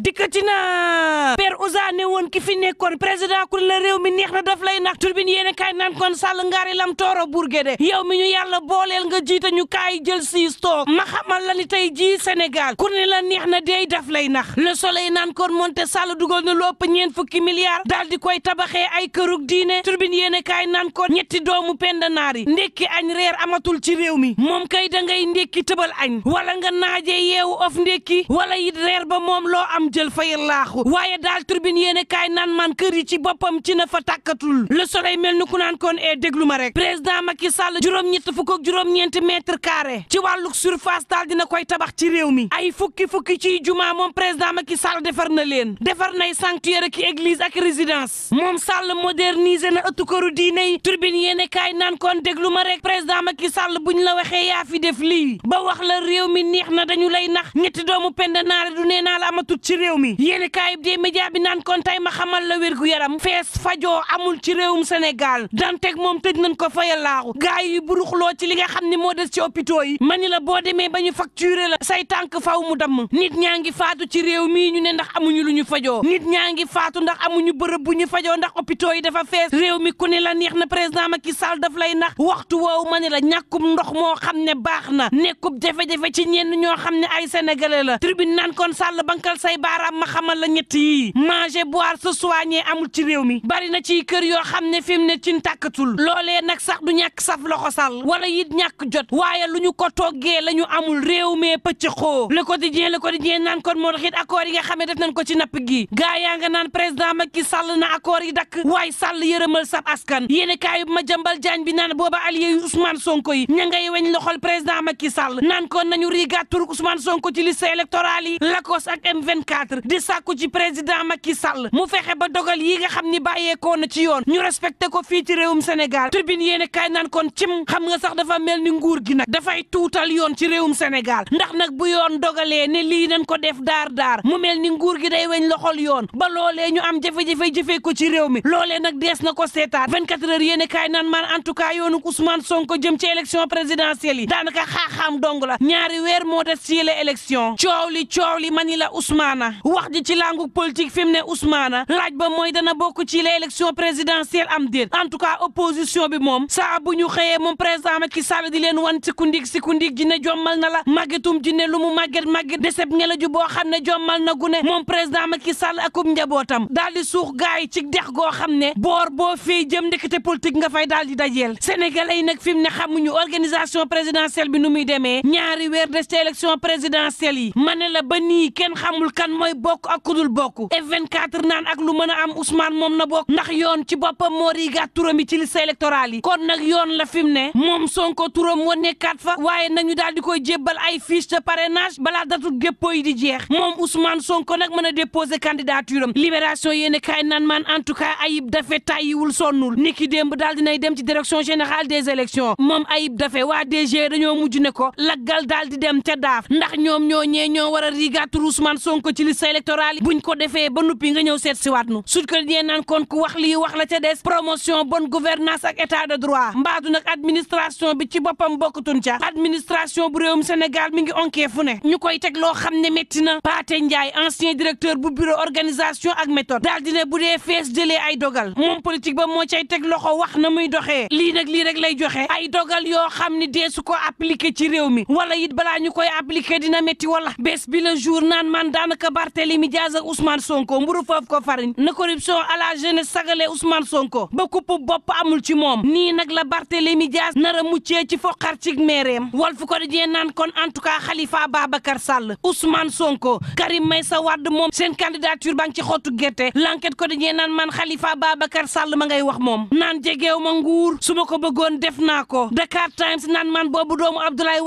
dikkati na Père Ousa ne woon ki fi nekkoon président ku la réew mi neex na daf lay nax turbine yéen kaay naan kon sàll ngaari lam tooro burgede yow mi ñu yàlla booleel nga jiite ñu kaay jël siis toog ma xamal la tey jii senegal ku ne la neex na deey daf lay nax la soleil naan kon monte sàll dugal na lu ëpp ñeen fukki milliards daal di koy tabaxee ay kërug diine turbine yéen kaay naan kon ñetti doomu penda naar yi ndekki añ reer amatul ci réew mi moom kay da nga naajee yeewu of jël fayal laaxu waaye daal turbine yéen kaay naan man kër ci boppam ci na fa tàkkatul le soleil mel ni ku naan koon ee eh, déglu ma rek président Macky Sall juróom-ñett fukk ak juróom-ñeenti mètre carré ci wàlluk surface daal dina koy tabax ci réew mi ay fukki fukki ci jumaa moom président Macky Sall defar na leen defar nay sanctuaire ki église ak résidence moom Sall moderniser na ëttu këru diine yi turbine yéen kaay naan koon déglu ma rek président ma Sall buñ la waxee yaa fi def lii wax la réew mi neex na dañu lay nax ñetti doomu pend réew mi yéen kaay bi de média bi naan kon tey ma xamal la wér gu yaram fees fajoo amul ci réew réewum Sénégal danteek moom tëj nañ ko fayal laaxu gars yi buruxloo ci li nga xam ne moo des ci hôpitaux yi mani la boo demee ba ñu facturé la say tànk faw mu damm nit ñaa ngi faatu ci réew mii ñu ne ndax amuñu lu ñu fajoo nit ñaa ngi faatu ndax amuñu bërëb bu ñu fajoo ndax hôpitaux yi dafa fees réew mi ku ne la neex na président Macky Sall daf lay nax waxtu woowu mani la ñàkkum ndox moo xam ne baax na nekkub jafe-jafe ci ñenn ñoo xam ne ay sénégalais la tribune naan kon Sall bankal say baax baaraam ma xamal la ñett yii manger boire se soigner amul ci réew mi bari na ci kër yoo xam ne fi mu ne ci tàkkatul loolee nag sax du ñàkk saf loxo sal wala it ñàkk jot waaye lu ñu ko toggee la ñu amul réew mee pëcc xoo le quotidien le quotidien naan kon moo tax it accord yi nga xam ne def nañ ko ci napp gi gaa yaa nga naan président Macky Sall na accord yi dakk waaye Sall yërëmal sab askan yéen kaay ma jëmbal jaañ bi naan booba allié yu Ousmane Sonko yi ña ngay weñ loxol président Macky Sall naan kon nañu riigaat turu Ousmane Sonko ci liste électorale yi LACOS ak M24 théâtre di sàkku ci président Macky mu fexe ba dogal yi nga xam ni bàyyeekoo na ci yoon ñu respecté ko fii ci réewum Sénégal tribune yéen kaay naan kon cim xam ga sax dafa mel ni nguur gi nag dafay tuutal yoon ci réewum Sénégal ndax nag bu yoon dogalee ne lii nañ ko def daar daar mu mel ni nguur gi day weñ loxol yoon ba loole ñu am jafe-jafe jëfee ko ci réew mi loolee nag dees na ko seetaat 24 heures yéen kaay naan man en tout cas yoonu Ousmane Sonko jëm ci élection présidentielle yi daanaka xaaxaam dong la ñaari weer moo des ci la wax ji ci langu politique fi mu ne Ousmane laaj ba mooy dana bokk ci l'élection présidentielle am déet en tout cas opposition bi moom saa bu ñu xëyee moom président Macky Sall di leen wan sikundik sikundik ji ne jommal na la màggetum ji ne lu mu màgget màgget deseb ngela ju boo xam ne jommal na ne moom président Macky Sall akum njabootam daal di suux gaay ci dex goo xam ne boor boo fii jëm ndekete politique nga fay daal di dajeel sénégalais yi nag fi mu ne xamuñu organisation présidentielle bi nu muy demee ñaari weer des ci élection présidentielle yi ma ne la ba nii kenn xamul kan mooy bokk ak kudul bokk F24 naan ak lu mën a am Ousmane moom na bokk ndax yoon ci boppam moo riigaat turam yi ci liste électorale yi kon nag yoon la fi mu ne moom Sonko turam wa nekkaat fa waaye nañu daal di koy jébbal ay fiche de parrainage balaa datu dépôt yi di jeex moom Ousmane Sonko nag mën a déposer am libération yéen kaay naan maan en tout cas Ayib Daffé tàyyiwul sonnul niki démb daal dinay dem ci direction générale des élections moom Ayib Daffé waa DG dañoo mujj ne ko laggal daal di dem ca daaf ndax ñoom ñoo ñee ñoo war a riigaat tur Ousmane Sonko ci liste ko defee ba noppi nga ñëw seet si waat nu Sud Quotidien naan kon ku wax lii wax la ca mi ngi onkee fu ne ñu koy teg loo xam ne métti na Paate Ndiaye ancien directeur bu bureau organisation ak méthode daal dina bu dee fees jëlee ay dogal moom politique ba moo cay teg loxo wax na muy doxee lii nag lii rek lay joxe ay dogal yoo xam ni dee su ko appliqué ci réew mi wala it balaa ñu koy appliqué dina métti wala bés bi la jour naan man daanaka saaga Barthélémy Diaz ak Ousmane Sonko mburu foofu ko fariñ na corruption à la jeunesse sagale Ousmane Sonko ba kupp bopp amul ci moom nii nag la Barthélémy Diaz nar a muccee ci foqar ci meereem Walf Quotidien naan kon en tout cas Khalifa Babacar Sall Ousmane Sonko Karim Meïssa Wade moom sen candidature ba ngi ci xottu gerte L'Enquête Quotidien naan man Khalifa Babacar Sall ma ngay wax moom naan jegeew ma nguur su ma ko bëggoon def naa ko Dakar Times naan man boobu doomu Abdoulaye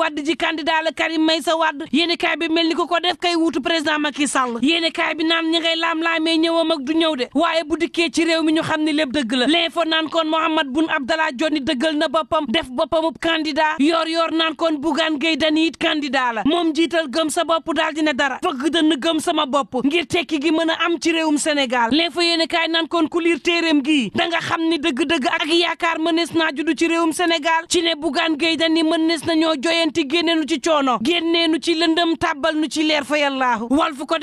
Sall yéene kaay bi naan ñi ngay laam-laamee ñëwam ak du ñëw de waaye bu dikkee ci réew mi ñu xam ni lépp dëgg la l'info naan koon Mohamed Boun Abdallah Dionne dëggal na boppam def boppamub candidat yor yor naan koon Bougane Gueye Dany it candidat la moom jiital gëm sa bopp daal di dara fëgg dënn gëm sama bopp ngir tekki gi mën a am ci réewum Sénégal l'info yéene kaay naan kon ku liir téeréem gii da nga xam ni dëgg-dëgg ak yaakaar mënees naa juddu ci réewum senegal ci ne Bougane Gueye Dany mënees nañoo joyanti génneenu ci coono génneenu ci lëndëm tàbbal ci leer fa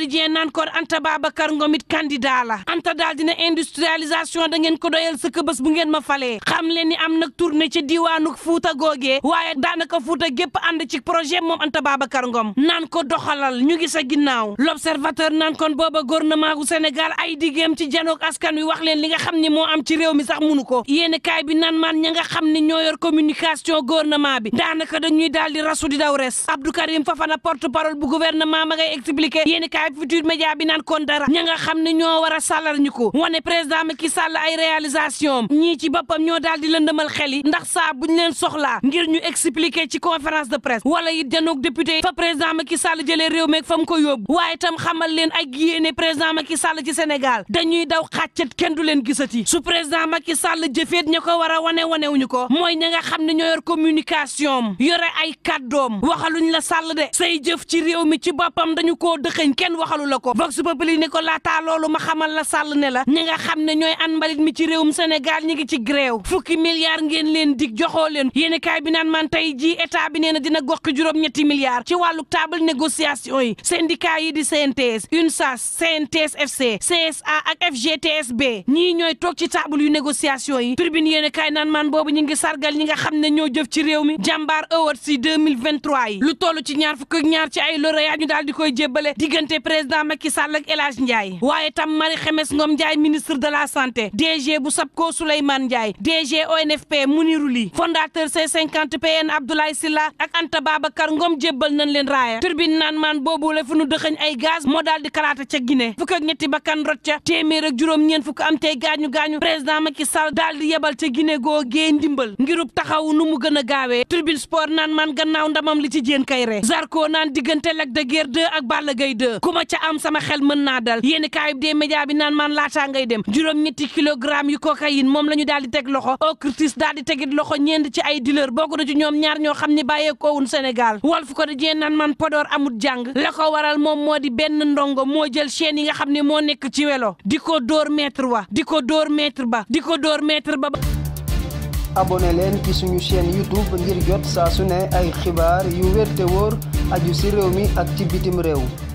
Quotidien naan koon Anta Babacar Ngom it candidat la Anta daal dina industrialisation da ngeen ko doyal sëkk bés bu ngeen ma falee xam leen ni am nag tournée ci diiwaanu Fuuta googe waaye daanaka Fuuta gépp ànd ci projet moom Anta Babacar Ngom naan ko doxalal ñu ngi sa ginnaaw L'Observateur naan kon booba gouvernement gu Sénégal ay diggéem ci janook askan wi wax leen li nga xam ne moo am ci réew mi sax munu ko yéen kaay bi naan maan ña nga xam ne ñoo yor communication gouvernement bi da ñuy daal di rasu di daw res Abdou Karim Fafana porte parole bu gouvernement ma ngay expliqué yéen Pape Futur Média bi naan kon dara ña nga xam ne ñoo war a sàllal ñu ko wane président ki Sall ay réalisation ñii ci boppam ñoo daal di lëndëmal xel yi ndax saa bu ñu leen soxla ngir ñu expliquer ci conférence de presse wala it janoog député fa président Macky Sall jëlee réew meeg fa mu ko yóbbu waaye tam xamal leen ak yéene président ki Sall ci Sénégal dañuy daw xàccet kenn du leen gisati su président Macky Sall jëfeet ña ko war a wane wane ñu ko mooy ña nga xam ne ñoo yor communication yore ay kàddoom waxaluñ la sàll de say jëf ci réew mi ci boppam dañu koo waxalula la ko vox populi ni ko laataa loolu ma xamal la sàll ne la ñi nga xam ne ñooy an mbalit mi ci réewum Sénégal ñi ngi ci gréew fukki milliards ngeen leen dig joxoo leen yéeni bi naan man tey ji état bi nee na dina goxi juróom-ñetti milliards ci wàllu table négociation yi syndicat yi di CNTS UNSAS CNTS FC CSA ak FGTSB ñii ñooy toog ci taabul yu négociation yi tribune yéeni kaay naan man boobu ñi ngi sargal ñi nga xam ne ñoo jëf ci réew mi jàmbaar awards yi 2023 yi lu toll ci ñaar fukk ñaar ci ay lauréat ñu daal di koy jébbale diggante président Macky Sall ak El Hadj Ndiaye waaye tam Marie Khemesse Ngom Ndiaye ministre de la sante DG bu ko SAPCO Souleymane Ndiaye DG ONFP Mounirou Ly fondateur C50 PN Abdoulaye Sylla ak Anta Babacar Ngom jébbal nañ leen raaya turbine naan maan boobu la fu nu dëxëñ ay gaz moo daal di kalaata ca Guinée fukk ak ñetti bakkan rot ca téeméer ak juróom-ñeent fukk am tey gaañu gaañu président Macky Sall daal di yebal ca Guinée goo gee ndimbal ngirub taxaw nu mu gën a gaawee turbine sport naan maan gannaaw ndamam li ci jéen kay re Zarko naan diggante Lac de Guiers 2 ak Balla Gaye ma ca am sama xel mën naa dal yéen kaayub des média bi naan maan laataa ngay dem juróom-ñetti kilogramme yu cocaïne moom la ñu daal di teg loxo OCRTIS daal di tegit loxo ñeent ci ay dealer bokk na ci ñoom ñaar ñoo xam ne bàyyeekoowun Sénégal Walf Quotidien naan maan Podor amut jàng la ko waral moom moo di benn ndongo moo jël chaîne yi nga xam ne moo nekk ci welo di ko dóor maître wa di ko dóor maître ba di ko dóor maître ba abonné leen ci suñu chaîne youtube ngir jot saa su ne ay xibaar yu wér te wóor aju ci mi ak ci bitim réew